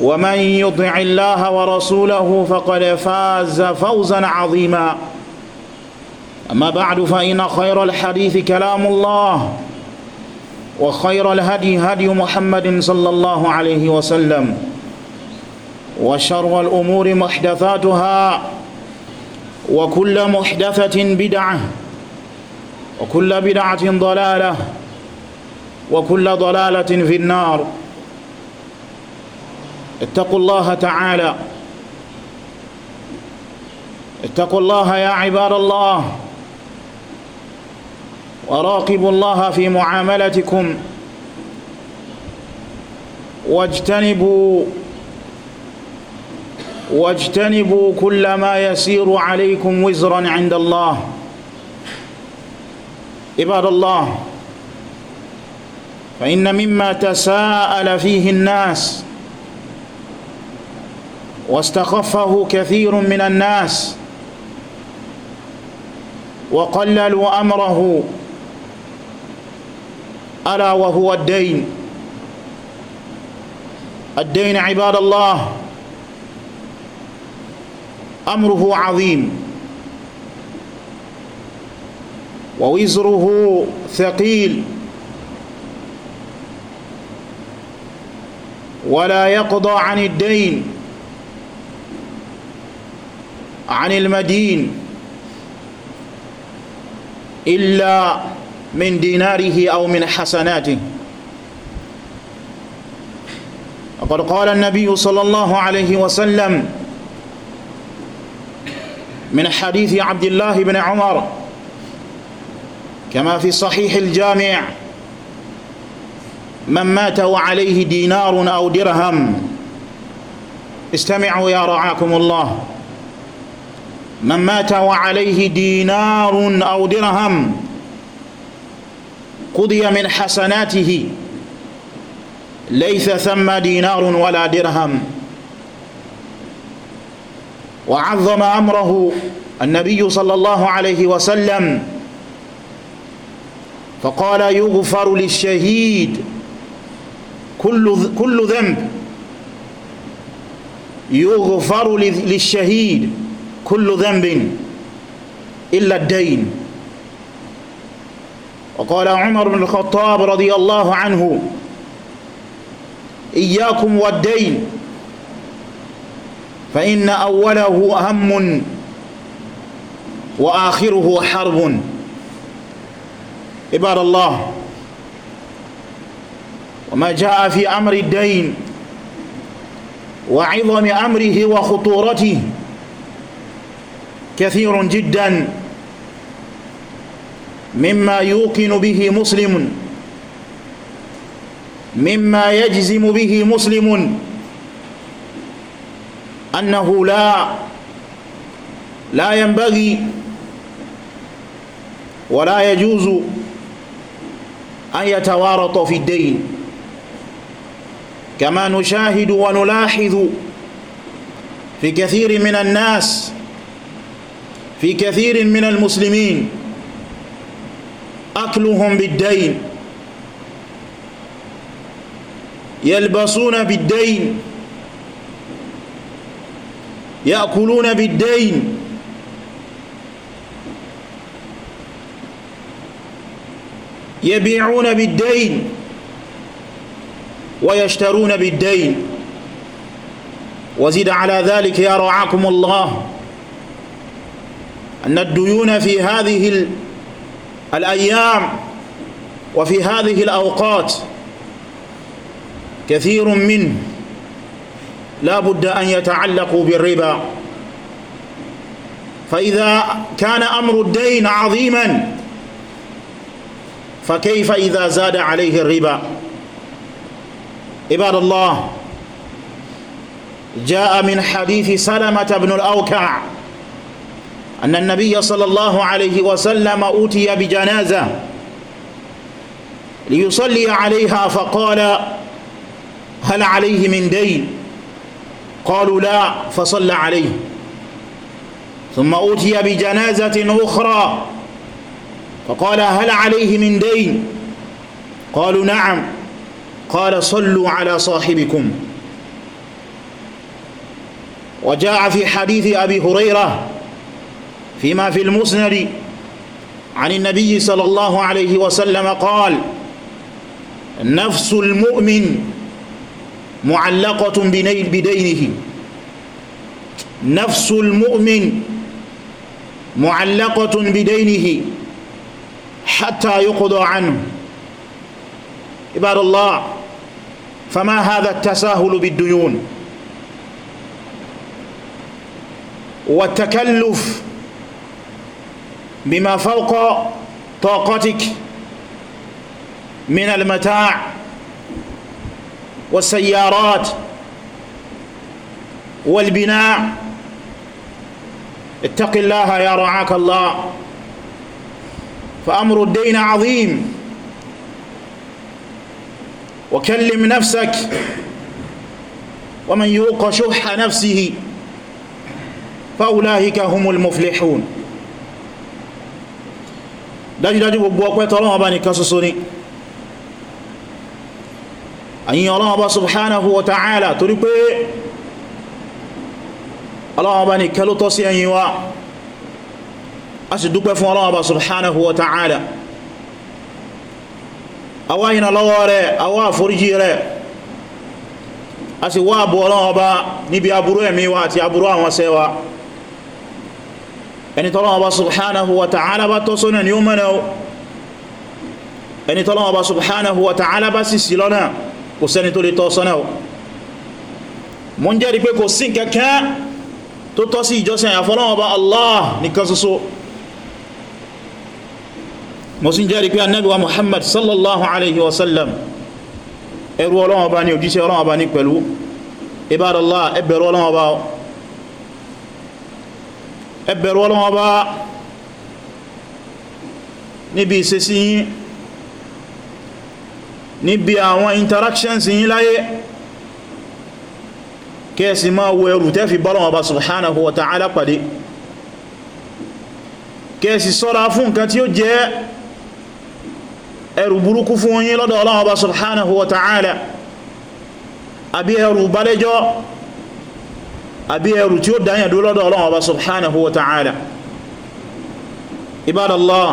ومن يطع الله ورسوله فقد فاز فوزا عظيما أما بعد فإن خير الحديث كلام الله وخير الهدي هدي محمد صلى الله عليه وسلم وشر الأمور محدثاتها وكل محدثة بدعة وكل بدعة ضلالة وكل ضلالة في النار اتقوا الله تعالى اتقوا الله يا عباد الله وراقبوا الله في معاملتكم واجتنبوا واجتنبوا كل ما يسير عليكم وزرا عند الله عباد الله فإن مما تساءل فيه الناس واستخفه كثير من الناس وقللوا أمره ألا وهو الدين الدين عباد الله أمره عظيم ووزره ثقيل ولا يقضى عن الدين عن المدين إلا من ديناره أو من حسناته وقد قال النبي صلى الله عليه وسلم من حديث عبد الله بن عمر كما في صحيح الجامع من مات وعليه دينار أو درهم استمعوا يا رعاكم الله من مات وعليه دينار أو درهم قضي من حسناته ليس ثم دينار ولا درهم وعظم أمره النبي صلى الله عليه وسلم فقال يغفر للشهيد كل كل ذنب يغفر للشهيد كل ذنب إلا الدين وقال عمر بن الخطاب رضي الله عنه إياكم والدين فإن أوله أهم وآخره حرب عباد الله وما جاء في أمر الدين وعظم أمره وخطورته كثير جدا مما يوقن به مسلم مما يجزم به مسلم أنه لا لا ينبغي ولا يجوز أن يتوارط في الدين كما نشاهد ونلاحظ في كثير من الناس في كثير من المسلمين أكلهم بالدين يلبسون بالدين يأكلون بالدين يبيعون بالدين ويشترون بالدين وزيد على ذلك يا رعاكم الله أن الديون في هذه الأيام وفي هذه الأوقات كثير من لا بد أن يتعلقوا بالربا فإذا كان أمر الدين عظيما فكيف إذا زاد عليه الربا عباد الله جاء من حديث سلمة بن الأوكع أن النبي صلى الله عليه وسلم أوتي بجنازة ليصلي عليها فقال هل عليه من دين قالوا لا فصلى عليه ثم أوتي بجنازة أخرى فقال هل عليه من دين قالوا نعم قال صلوا على صاحبكم وجاء في حديث أبي هريرة فيما في المسند عن النبي صلى الله عليه وسلم قال نفس المؤمن معلقة بدينه نفس المؤمن معلقة بدينه حتى يقضى عنه عباد الله فما هذا التساهل بالديون والتكلف بما فوق طاقتك من المتاع والسيارات والبناء اتق الله يا رعاك الله فأمر الدين عظيم وكلم نفسك ومن يوق شح نفسه فأولئك هم المفلحون dájúdájú gbogbo ọpẹ́ tọ́lọ́wọ́ bá nìkan ṣoṣo ni àyíyàn Ọlọ́hun Ọba subhanahu wa ta'ala torí pé Ọlọ́hun Ọba nìkan ló tọ́ sí ẹ̀yìn wa a sì dúpẹ́ fún Ọlọ́hun Ọba subhanahu wa ta'ala àwa yìí na lọ́wọ́ rẹ̀ àwa àforíjì rẹ̀ a sì wá àbú Ọlọ́hun Ọba níbi aburú ẹ̀mí wa àti aburú àwọn sẹ́wa ẹni tọ́lọ́wọ́ bá subhanahu wa ta'ala bá tọ́ sọ́nà ni ó mẹ́nà ó ẹni tọ́lọ́wọ́ bá subhanahu wa ta'ala bá sì sí lọ́nà kò sẹ́ni tó lè tọ́ sọ́nà ó mú ń jẹ́rìí pé kò sí kẹ́kẹ́ tó tọ́ sí ìjọsìn àyàfọ́lọ́wọ́ bá Allah ní òjíṣẹ́ ẹ bẹ̀rù Ọlọ́run Ọba níbi ìṣesí yín níbi àwọn interactions yín láyé kẹsì máa wo ẹrù tẹ́fì bọ́lọ̀wọ̀ Ọba subhanahu wa ta'ala pàdé kẹsì sọ́ra fún nǹkan tí ó jẹ́ ẹrù burúkú fún yín lọ́dọ̀ Ọlọ́run Ọba subhanahu wa ta'ala àbí ẹrù balẹ́jọ́ àbí ẹrù tí ó dáyàn dúró lọ́dọ̀ Ọlọ́run Ọba subhanahu wa ta'ala ibadallah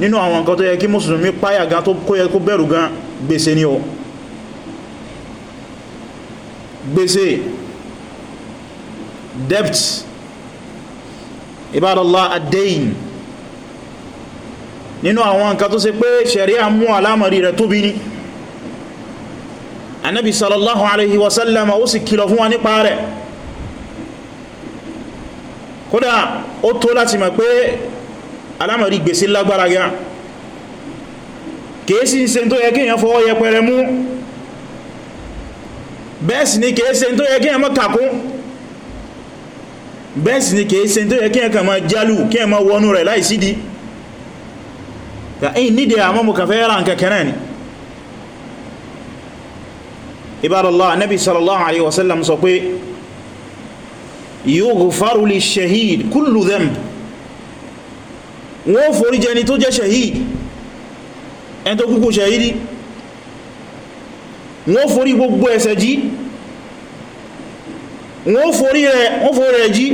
nínú àwọn nǹkan tó yẹ kí mùsùlùmí páyà gan tó kó yẹ kó bẹ̀rù gan gbèsè ni o gbèsè debt ibadallah ad nínú àwọn nǹkan tó ṣe pé ṣẹ̀ríà mú alámọ̀rí rẹ̀ tóbi ni anábi sallallahu alaihi wasallam ó sì kìlọ̀ fún wa nípa rẹ̀ kódà ó tó láti mọ̀ pé alámọ̀rí gbèsè lágbára gan kèésì ń ṣe tó yẹ kí èyàn fọwọ́ yẹpẹrẹ mú bẹ́ẹ̀sì ni kèése tó yẹ kí ẹ mọ́ kàkún bẹ́ẹ̀sì ni kèése tó yẹ kí ẹ kàn máa jálù kí ẹ máa wọnú rẹ̀ láìsídi ta nídẹ̀ àmọ́ mú kàfẹ́ ra nkẹ̀kẹ̀rẹ̀ ni ibadallah anabi sallallahu alaihi wasallam sọ pé yughfaru li shahid kullu dhanb wọ́n forí jẹni tó jẹ́ shahid ẹni tó kúkú shahidi wọ́n forí gbogbo ẹ̀ṣẹ̀ jí wọ́n forí rẹ̀ jí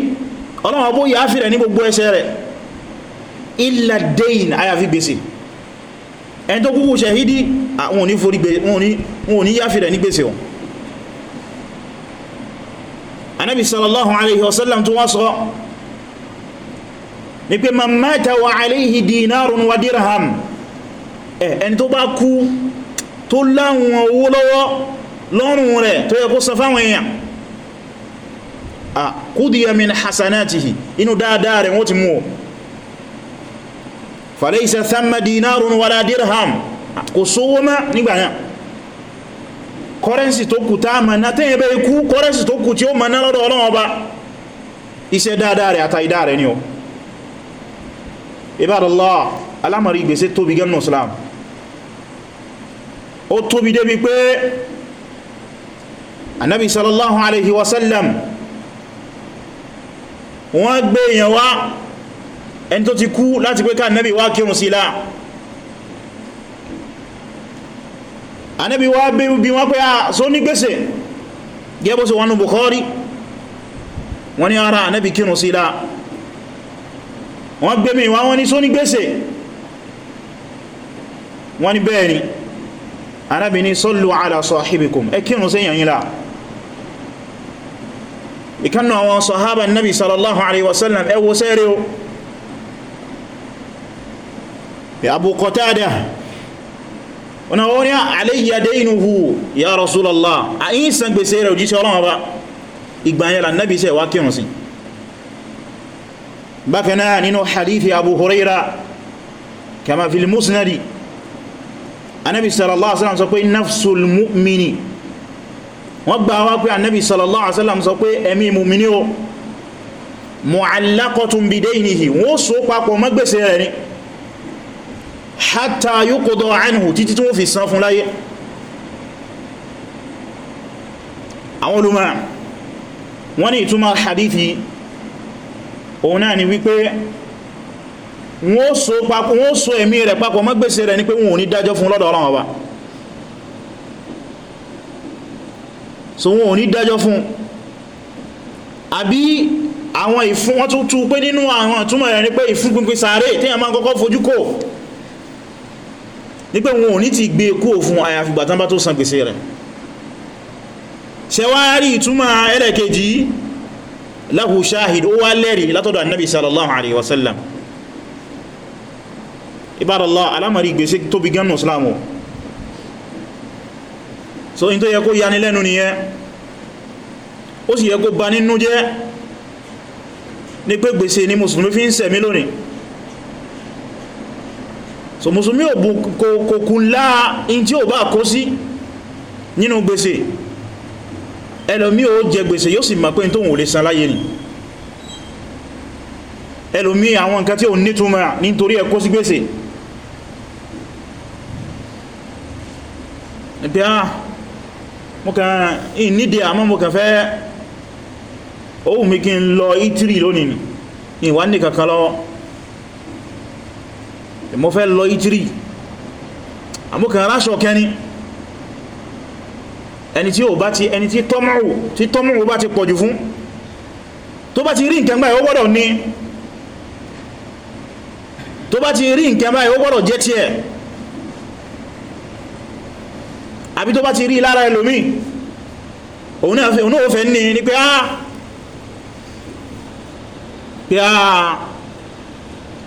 ọlọ́wọ́ bó yáá fi rẹ̀ ní gbogbo ẹ̀ṣẹ̀ rẹ̀ illa àyàfi gbèsè ẹni tó kúkú shahidi àwọn ah, òní forí gbé wọn òní yáfìrẹ̀ ní gbèsè wọn anábi sallallahu alaihi wasallam tó wá sọ ní pé man mata wa alaihi dinarun wa dirham ẹni tó bá kú tó láwọn owó lọ́wọ́ lọ́rùn rẹ̀ tó yẹ kó sọ fáwọn èèyàn a kúdíyà min hasanatihi inú dáadáa rẹ̀ wọ́n ti mú falaysa thamma dinarun wala dirham kò sówó má nígbà náà kọ́rẹ́nsì tó kù tá a mọ̀ná tẹ́yẹ bẹ́ ikú kọ́rẹ́nsì tó kù tí ó mọ̀ná lọ́dọ̀ Ọlọ́run Ọba iṣẹ́ dáadáa rẹ̀ àtàídá rẹ̀ ni ó Ibadallah alámọ̀rí gbèsè tóbi gẹ́nù Islam ó tóbi débi pé annabi sallallahu alaihi wasallam wọ́n gbé èèyàn wá ẹni tó ti kú láti pé ká annabi wá kírun sí láà anẹ́bí wá bí wọ́n pé a ah, so ní gbèsè gẹ́bọ́ sí wọnú Bukhari wọ́n ní ara anẹ́bí kírùn sí dáa wọ́n gbé mi wọ́n ní so ní gbèsè wọ́n ní bẹ́ẹ̀ ni anẹ́bí ní sallu ala sahibikum ẹ kírùn sí yẹn yílá àwọn sahaba annabi sallallahu alaihi wasallam ẹ sẹ́rẹ̀ o ọ̀nà wọ́n ní alayya daynuhu ya rasulallah a yí san gbèsè rẹ̀ òjíṣẹ́ ọlọ́wọ́ bá ìgbàyẹ̀lá nábi sẹ́ wá kírùn sí bákaná nínú hadithi abu huraira kama fil musnadi anabi sallallahu alaihi wasallam sọ pé nafsul mu'mini hatta yuqda anhu títí tí wọ́n fi san fún láyé àwọn olùmọ̀ wọ́n ní ìtumọ̀ hadithi òun náà ni wípé wọ́n so papọ̀ wọ́n so ẹ̀mí rẹ̀ papọ̀ mọ́ gbèsè rẹ̀ ní pé wọn ò ní dájọ́ fún lọ́dọ̀ Ọlọ́run Ọba so wọn ò ní dájọ́ fún àbí àwọn ìfún wọ́n tún pé nínú àwọn ìtumọ̀ rẹ̀ ní pé ìfún pínpín sàárè tí a máa kọ́kọ́ fojú kò ní pé wọn ò ní ti gbé e kó fún àyàfìgbà tán bá tó san gbèsè rẹ̀ ṣẹwárí ìtumọ̀ ẹlẹ́kejì lahu shahid ó wá lẹ́rì látọ̀dọ̀ annabi sallallahu alaihi wasallam ibadallah ó sì yẹ kó bà nínú jẹ́ ní pé gbèsè ni mùsùlùmí fi ń ṣẹ̀mí lónìí so musulmi ò bú kò kúnlá in tí ò bá kó sí nínú gbèsè ẹlòmí ò jẹ gbèsè yóò sì mọ̀ pé tó wò lè san láyé ni ẹlòmí àwọn nǹkan tí ò nítumọ̀ nítorí ẹ kó sí gbèsè pé ah mo kàn in nídẹ̀ àmọ́ mo kàn fẹ́ ohun mi kí n lọ ítírì lónìí ìwà ní kankan lọ́wọ́ mo fẹ́ lọ ìtìrí àmúkan ráṣọ kẹni ẹni tí ó bá ti ẹni tí tọ́mọ̀wò tí tọ́mọ̀wò bá ti pọ̀jù fún tó bá ti rí nǹkan báyìí ó gbọ́dọ̀ ní tó bá ti rí nǹkan báyìí ó gbọ́dọ̀ jẹ́ tiẹ̀ àbí tó bá ti rí lára ẹlòmí òun náà fẹ́ ní ní pé áà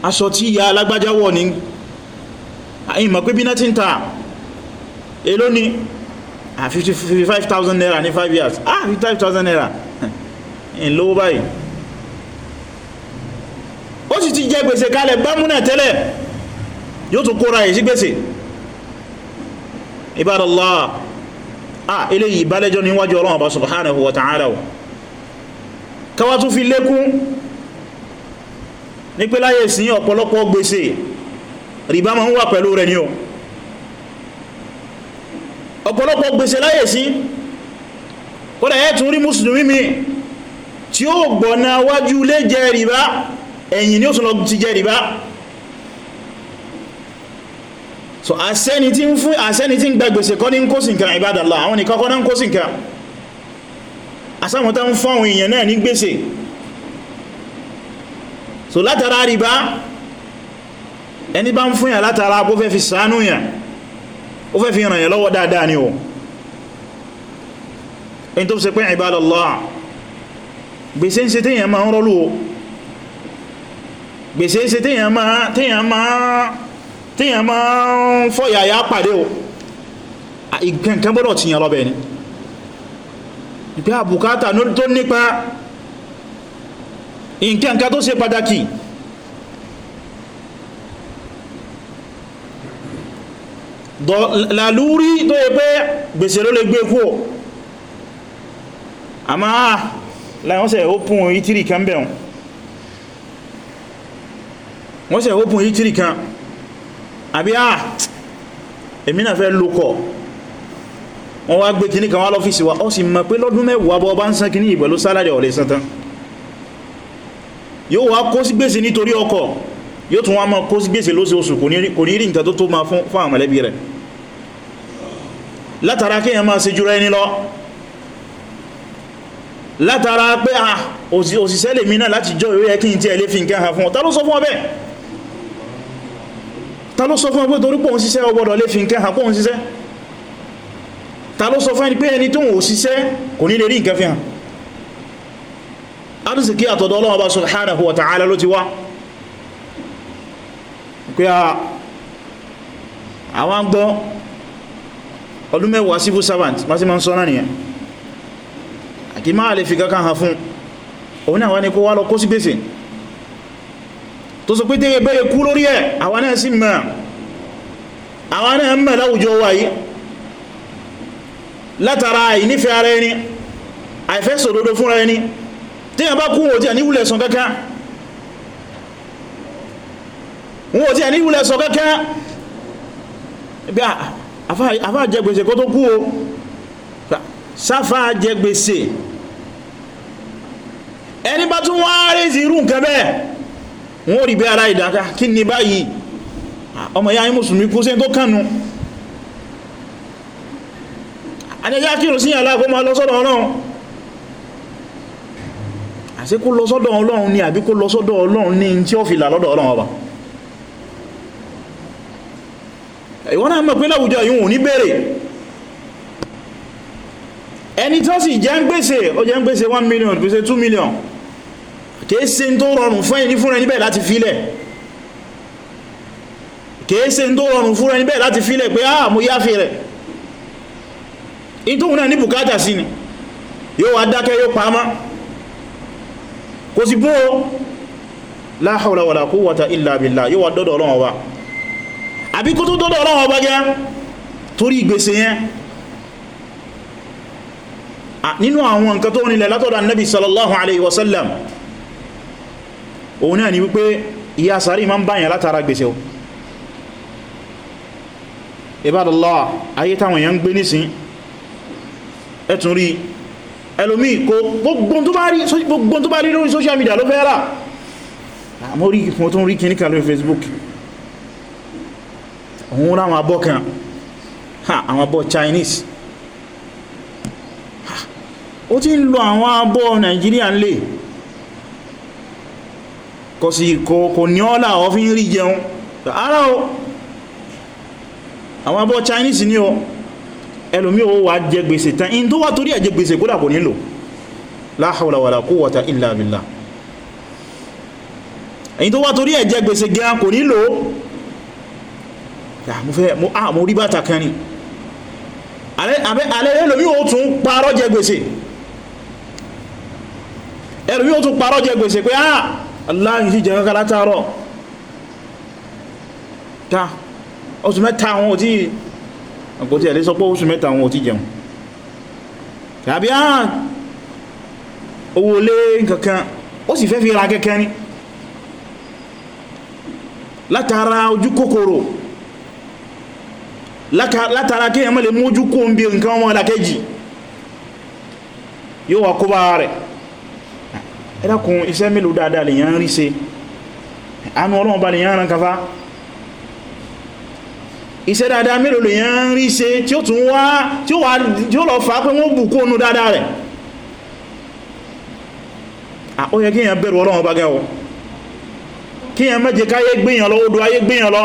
aṣọ tí ya alágbájá wọ̀ ní àyìnmọ̀ pé bí náà ti ń ta èló ni 55,000 ah, naira ní 5 years ah 55,000 naira in lówó báyìí ó sì ti jẹ gbèsè kalẹ̀ gbámúnà tẹ́lẹ̀ yóò tún kóra èsí gbèsè ibadallah ah ilé yìí bálẹ́jọ́ níwájú Ọlọ́run Ọba subhanahu wa ta'ala káwàá tún fi lékún ní pé láyé sí ọ̀pọ̀lọpọ̀ gbèsè rìbá ma ń wà pẹ̀lú rẹ̀ ní ọ ọ̀pọ̀lọpọ̀ gbèsè láyé sí kódà ẹ tún rí mùsùlùmí mi tí ó gbọ̀nà wájú lé jẹ rìbá ẹ̀yìn ni ó tún lọ ti jẹ rìbá so àṣẹ́ni tí ń fún àṣẹ́ni tí ń gba gbèsè kọ́ ní ń kó sí nǹkan ìbádàlá àwọn nìkan kọ́ ní ń kó sí nǹkan àsáwọn tán fún àwọn èèyàn náà ní gbèsè so látara rìbá ẹni bá ń fún yà látara bó fẹ́ fi ṣàánú yà ó fẹ́ fi ràn yà lọ́wọ́ dáadáa ni o in tó fi ṣe pé ibadallah gbèsè ń ṣe téèyàn máa ń rọ́lù o gbèsè ń ṣe téèyàn máa téèyàn máa téèyàn máa ń fọ́yàyà pàdé o ìgbẹ̀nkan bọ́dọ̀ tìyàn lọ́bẹ̀ ni ìpé àbùkátà tó nípa nǹkan kan tó ṣe pàtàkì lálúrí tó yẹ pé gbèsè ló lè gbé kú ọ̀ àmá ah, láìwọ́sẹ̀ ópùn ìtìrì kan bẹ̀rùn wọ́n sẹ̀ ópùn ìtìrì kan àbí àà ah, èmi náà fẹ́ lókọ̀ wọ́n wá gbé kìníkan wá lọ́fíìsì wa ó sì mọ̀ pé lọ́dún mẹ́wàá bọ́ bá ń san kìní ìbẹ̀lú sálárì ọ̀lẹ́sán tán yóò wá kó sí gbèsè nítorí ọkọ̀ yóò tún wá máa kó sí gbèsè lóṣooṣù kò ní rí nǹkan tó tó máa fún àwọn mọ̀lẹ́bí rẹ̀ látara kí èyàn máa ṣe jùra ẹni lọ látara pé à òṣìṣẹ́ lè mìíràn láti jọ ìwé ẹkí tí ẹ lè fi nǹkan ha fún ọ ta ló sọ fún ọ bẹ́ẹ̀ ta ló sọ fún ọ pé torí pé òun arziki àtọ̀dọ̀ Ọlọ́run Ọba subhanahu wa ló ti wá pé àwọn ń ọdún mẹ́wàá civil servant ma sí ma ń sọ náà nìyàn àkí máa lè fi kankan fún òun náà wá ní kó wá lọ kó sí gbèsè tó sọ pé tẹ́yẹ bẹ́ẹ̀ kú lórí ẹ̀ àwọn náà mẹ́ tí yàn bá kú wọ́n tí à ní wùlẹ̀ sọ kankan wọ́n tí à ní wùlẹ̀ sọ kankan bí àfá jẹ gbèsè kó tó kú o sáfà jẹ gbèsè ẹni bá tún wọ́n rẹ̀ sí irú nǹkan bẹ́ẹ̀ wọ́n rí bí ara ìdáka kí ni báyìí ọmọ ya yín mùsùlùmí kú sí tó kànú àjẹjá kírùn sí àlá kó máa ọlọ́run àṣé kó lọ sọ́dọ̀ ọlọ́run ni àbí kó lọ sọ́dọ̀ ọlọ́run ní tí ó fi là lọ́dọ̀ ọlọ́run ọba ìwọ́n náà mọ̀ pé láwùjọ yìí wọ́n ní bèèrè ẹni tó sì jẹ́ ń gbèsè ó jẹ́ ń gbèsè 1 million gbèsè 2 million kèése tó rọrùn fún ẹni fún ẹni bẹ́ẹ̀ láti filẹ̀ kèése tó rọrùn fún ẹni bẹ́ẹ̀ láti filẹ̀ pé ah mo yáfi rẹ̀ in tóhun náà ní bùkátà sí ni yóò wá dákẹ́ yóò pamọ́ kò sí gún o la hawla wala quwwata illa billah yíwa dọ́dọ̀ ọlọ́wọ́ bá àbí kó tó dọ́dọ̀ ọlọ́wọ́ bá gẹ́ torí ìgbèsè yẹn nínú àwọn nǹkan tó nílẹ̀ látọ̀dọ̀ annabi sallallahu alaihi wasallam òun náà ni wípé ìyà sàárì ma ń báyàn látara gbèsè o ibadallah ayé táwọn èèyàn ń gbé nísìn ẹ̀tún rí ẹlòmí kò gbogbo tó bá rí lórí social media ló fẹ́ rà àmọ́ ah, rí ìfún tó ń rí kìníkà lórí Facebook òun láwọn abọ́ kan àwọn abọ́ Chinese ó ti ń lo àwọn abọ́ Nigeria ń lè kò sí kò ní ọ́là ọ̀fin rí jẹun ara o àwọn abọ́ Chinese ní o ẹlòmí ó wà jẹ gbèsè tán in tó wà torí ẹ̀ jẹ gbèsè kódà kò nílò la hawla wala quwwata illa billah ẹ̀yin tó wá torí ẹ̀ jẹ gbèsè gan kò nílò ah, ah, mo rí bàtà kan ni alẹ́ ẹlòmí ó tún parọ́ jẹ gbèsè ẹlòmí ó tún parọ́ jẹ gbèsè pé ah aláàrín sí jẹ kankan látàárọ̀ ta ọ̀sùn mẹ́ta àwọn òtí kò tí ẹ̀lẹ́ sọ pé oṣù mẹ́ta wọn ò ti jẹun tàbí àà ah, owó lé kankan ó sì fẹ́ fi ra kẹ́kẹ́ ní látara ojú kòkòrò látara kí ẹmọ́ lè mú ojú kó ń bí nǹkan ọmọ ìlàkejì yóò wà kó bá rẹ̀ ẹ̀dàkùn iṣẹ́ mélòó dáadáa lè yàn rí ṣe àánú ọlọ́run bá iṣẹ́ dáadáa mélòó lèyàn ń rí ṣe tí ó tún wá tí ó lọ fà á pé wọ́n bù kóònú dáadáa rẹ̀ ó yẹ kí bẹ̀rù ọlọ́run bá gẹ́wọ́ kí mẹ́jẹ káyé gbìyàn lọ odò ayé gbìyàn lọ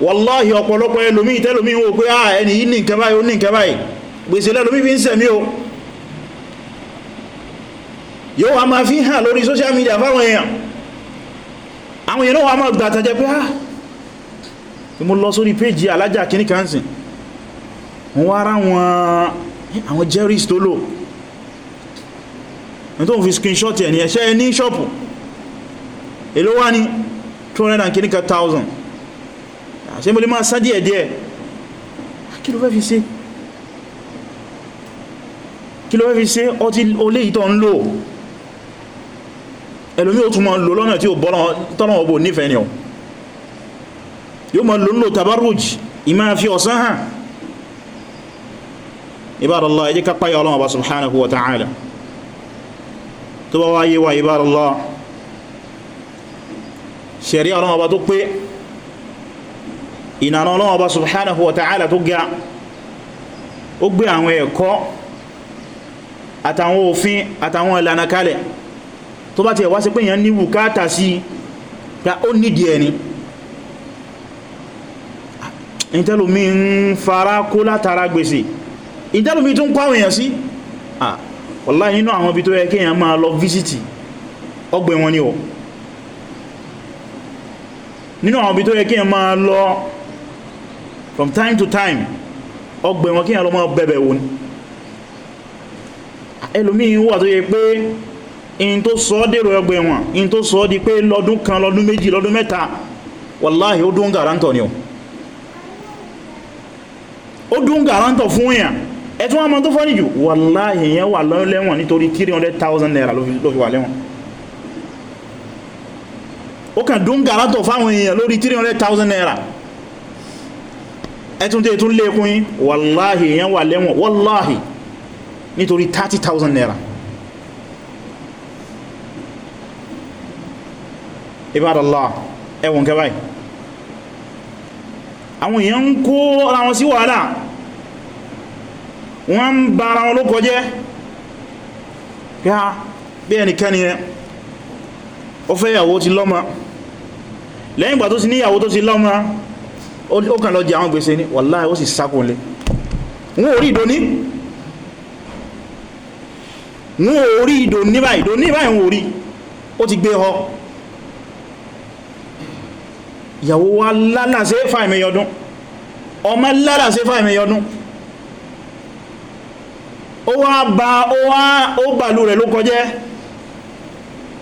wọ́láhì ọ̀pọ̀lọpọ̀ ẹlòmí ah, àwọn èèyàn náà máa gbà tàjẹ́ pé ah tí mo lọ sórí péjì alájà kìíní kan sìn wọ́n wá ara wọn àwọn jerry's tó lò ní tó ń fi screenshot ẹ̀ ní ẹ̀ṣẹ́ ní ṣọ́pù èló wá ní 200 kìíní kan 1000 àṣẹ mo lè máa sá díẹ̀ díẹ̀ kí ló fẹ́ fi ṣe kí ló fẹ́ fi ṣe ọtí olé ìtọ́ ń lò ẹlòmí ó tún mọ́ lò lọ́nà tí ó bọ́lọ́ tọ́lọ́wọ́ bò nífẹ̀ẹ́ ni ọ̀ yóò mọ̀ lónà tabarruj ìmá fi ọ̀sán hàn ibádàlá ẹjẹ́ ká páyà ọlọ́wọ́ bá subhanahu wa ta'ala tó bá wáyé wa ibádàlá ṣẹ̀rí ọlọ́wọ́ bá tó pé ìnànà ọlọ́wọ́ bá subhanahu wa ta'ala tó ga ó gbé àwọn ẹ̀kọ́ àtàwọn òfin àtàwọn ìlànà kalẹ̀ tó bá ti ẹ̀wá sí pé èèyàn ní bùkátà sí ó nídìí ẹni ìtẹ́lùmí ń fara kó látara gbèsè ìtẹ́lùmí tó pàwọn èèyàn sí ah wallahi nínú àwọn ibi tó yẹ máa lọ físítì ọgbẹ̀ wọn ni ọ nínú àwọn ibi tó yẹ kéèyàn máa lọ from time to time ọgbẹ̀ wọn kéèyàn lọ máa bẹ̀bẹ̀ wà tó yẹ pé in tó sọ dèrò ọgbẹ̀ wọn in tó sọ di pé lọ́dún kan lọ́dún méjì lọ́dún mẹ́ta gàrántọ̀ ni ọ ó dún gàrántọ̀ fún èèyàn ẹ̀tún àmọ́ tó fọ́nìjù wàláhì yẹn wà lẹ́wọ̀n nítorí 300,000 naira ló fi wà lẹ́wọ̀n ó kàn dún gàrántọ̀ fáwọn èèyàn lórí 300,000 naira ẹ̀tún tẹ́ tún lékún yí wàláhì yẹn wà lẹ́wọ̀n wàláhì nítorí 30,000 naira ibadallah ẹwọ̀n kẹwàá àwọn èèyàn ń kó ara wọn sí wàhálà wọ́n ń ba ara wọn ló kọjẹ́ bí ẹnikẹ́ni ẹ ó fẹ́ ìyàwó ti lọ́mọ lẹ́yìn ìgbà tó ti ní ìyàwó tó ti lọ́mọ ó kàn lọ jẹ àwọn gbèsè ní wàláhì ó sì sákòólé wọ́n orí ìdóní wọ́n orí ìdóní báyìí báyìí wọ́n orí ó ti gbé họ ìyàwó wa lálà sí fàìmẹ̀yọdún ọmọ lálà sí fàìmẹ̀yọdún ó wá bá ó wá ó bàlú rẹ̀ ló kọjẹ́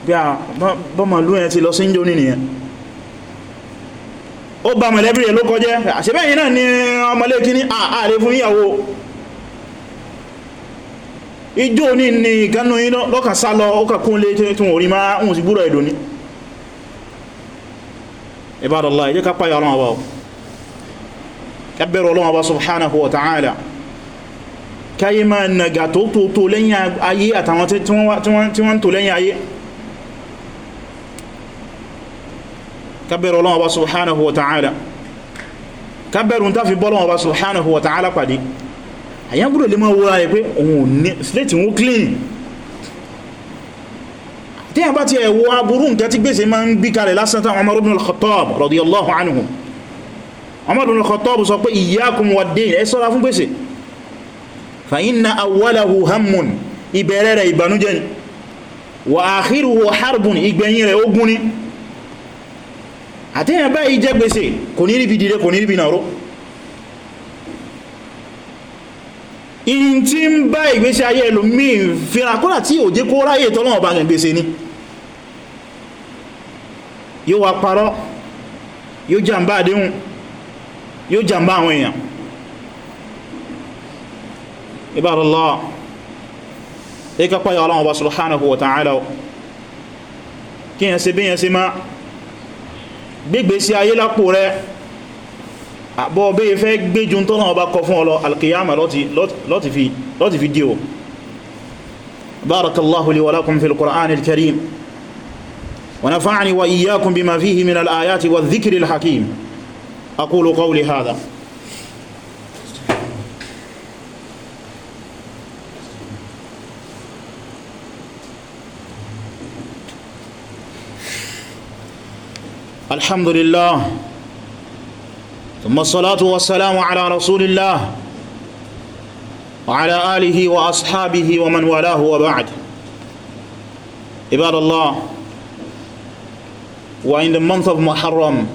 bí a bọ́mọ̀lú ẹ̀ ti lọ sí ìjọ nìyàn ó bá mọ̀lẹ́bí rẹ̀ ló kọjẹ́ àṣẹ́bẹ̀yìn náà ni ọmọlé kí ní ààrẹ fún ìyàwó ìjọ ní ní ìkanú yí lọ́kà sálọ ó kà kún lé tí wọ́n rí máa ń sì gbúrọ̀ ẹ̀dọ̀ ni, ni ibadallah jẹ́ ká páyà ọlọ́wọ́ bá ká bẹ̀rù ọlọ́wọ́ bá subhanahu wa ta'ala káyí máa nàgà tó tó tó lẹ́yìn ayé àtàwọn tí wọ́n tó lẹ́yìn ayé ká bẹ̀rù ọlọ́wọ́ bá subhanahu wa ta'ala ká bẹ̀rù ta bọ́lọ́wọ́ bá subhanahu wa ta'ala pàdé tí a bá ti ẹ̀wọ́ aburú nǹkan tí gbèsè máa ń bí kalẹ̀ lásán tán Umar ibn al-Khattab radiyallahu anhu Umar ibn al-Khattab sọ pé iyyakum wad-dayn ẹ ṣọ́ra fún gbèsè fa inna awwalahu ìbẹ̀rẹ̀ rẹ̀ ìbànújẹ́ ni wa harbun ìgbẹ̀yìn rẹ̀ ogun ni tí ń bá ìgbésí ayé ẹlòmíì fíra tí ò jẹ́ kó ráyè tọ́lọ́wọ̀ bá gbèsè ni yóò wá parọ́ yóò jàmbá àdéhùn yóò jàmbá àwọn èèyàn ibadallah ẹka pàyà Ọlọ́run wa subhanahu wa ta'ala kí yẹn ṣe bí yẹn ṣe máa gbégbé sí ayé lápò rẹ̀ àbọ̀ bí i fẹ́ gbéjú tó náà bá kọ fún ọlọ alkiyama lọ́ti fi díò barakallahu fil qur'anil karim ونفعني وإياكم بما فيه من الآيات والذكر الحكيم أقول قولي هذا الحمد لله ثم الصلاة والسلام على رسول الله وعلى آله وأصحابه ومن والاه وبعد عباد الله We're in the month of Muharram,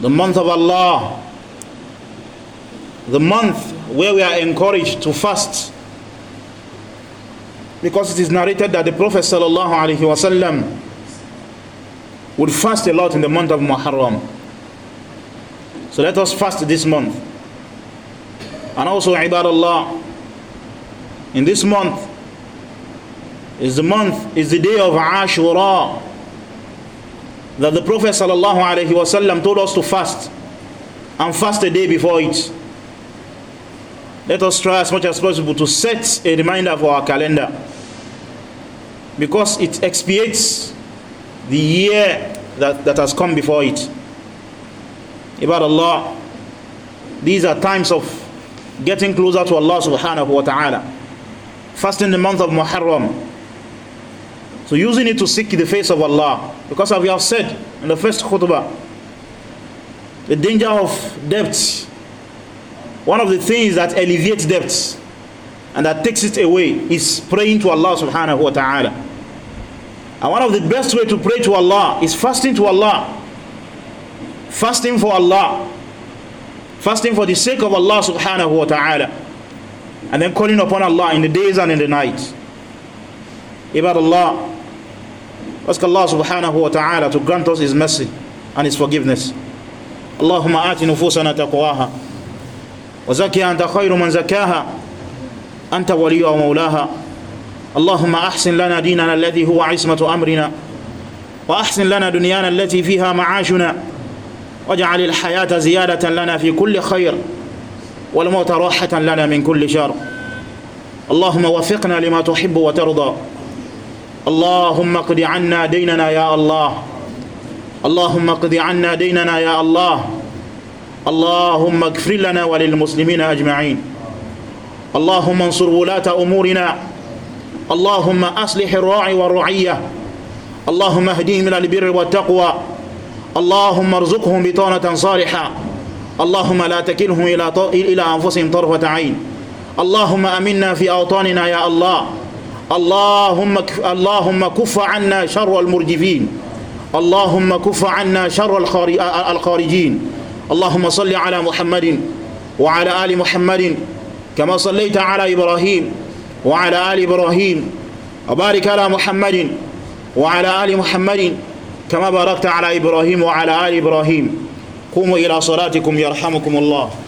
the month of Allah, the month where we are encouraged to fast. Because it is narrated that the Prophet wasallam would fast a lot in the month of Muharram. So let us fast this month. And also, Allah. in this month is the month, is the day of Ashura. that the Prophet sallallahu alaihi wasallam told us to fast and fast a day before it. Let us try as much as possible to set a reminder for our calendar because it expiates the year that, that has come before it. About Allah, these are times of getting closer to Allah subhanahu wa ta'ala. Fasting the month of Muharram, So using it to seek the face of Allah. Because as we have said in the first khutbah, the danger of debt, one of the things that alleviates debt and that takes it away is praying to Allah subhanahu wa ta'ala. And one of the best way to pray to Allah is fasting to Allah. Fasting for Allah. Fasting for the sake of Allah subhanahu wa ta'ala. And then calling upon Allah in the days and in the night. Ibad Allah. Ask Allah subhanahu wa ta'ala to grant us His mercy and His forgiveness. اللهم آت نفوسنا تقواها وزكها أنت خير من زكاها أنت ولي ومولاها اللهم أحسن لنا ديننا الذي هو عصمة أمرنا وأحسن لنا دنيانا التي فيها معاشنا واجعل الحياة زيادة لنا في كل خير والموت راحة لنا من كل شر اللهم وفقنا لما تحب وترضى اللهم اقض عنا ديننا يا الله اللهم اقض عنا ديننا يا الله اللهم اغفر لنا وللمسلمين أجمعين اللهم انصر ولاة أمورنا اللهم أصلح الراعي والرعية اللهم اهديهم إلى البر والتقوى اللهم ارزقهم بطانة صالحة اللهم لا تكلهم إلى, إلى أنفسهم طرفة عين اللهم أمنا في أوطاننا يا الله اللهم اللهم كف عنا شر المرجفين اللهم كف عنا شر الخارجين اللهم صل على محمد وعلى آل محمد كما صليت على إبراهيم وعلى آل إبراهيم وبارك على محمد وعلى آل محمد كما باركت على إبراهيم وعلى آل إبراهيم قوموا إلى صلاتكم يرحمكم الله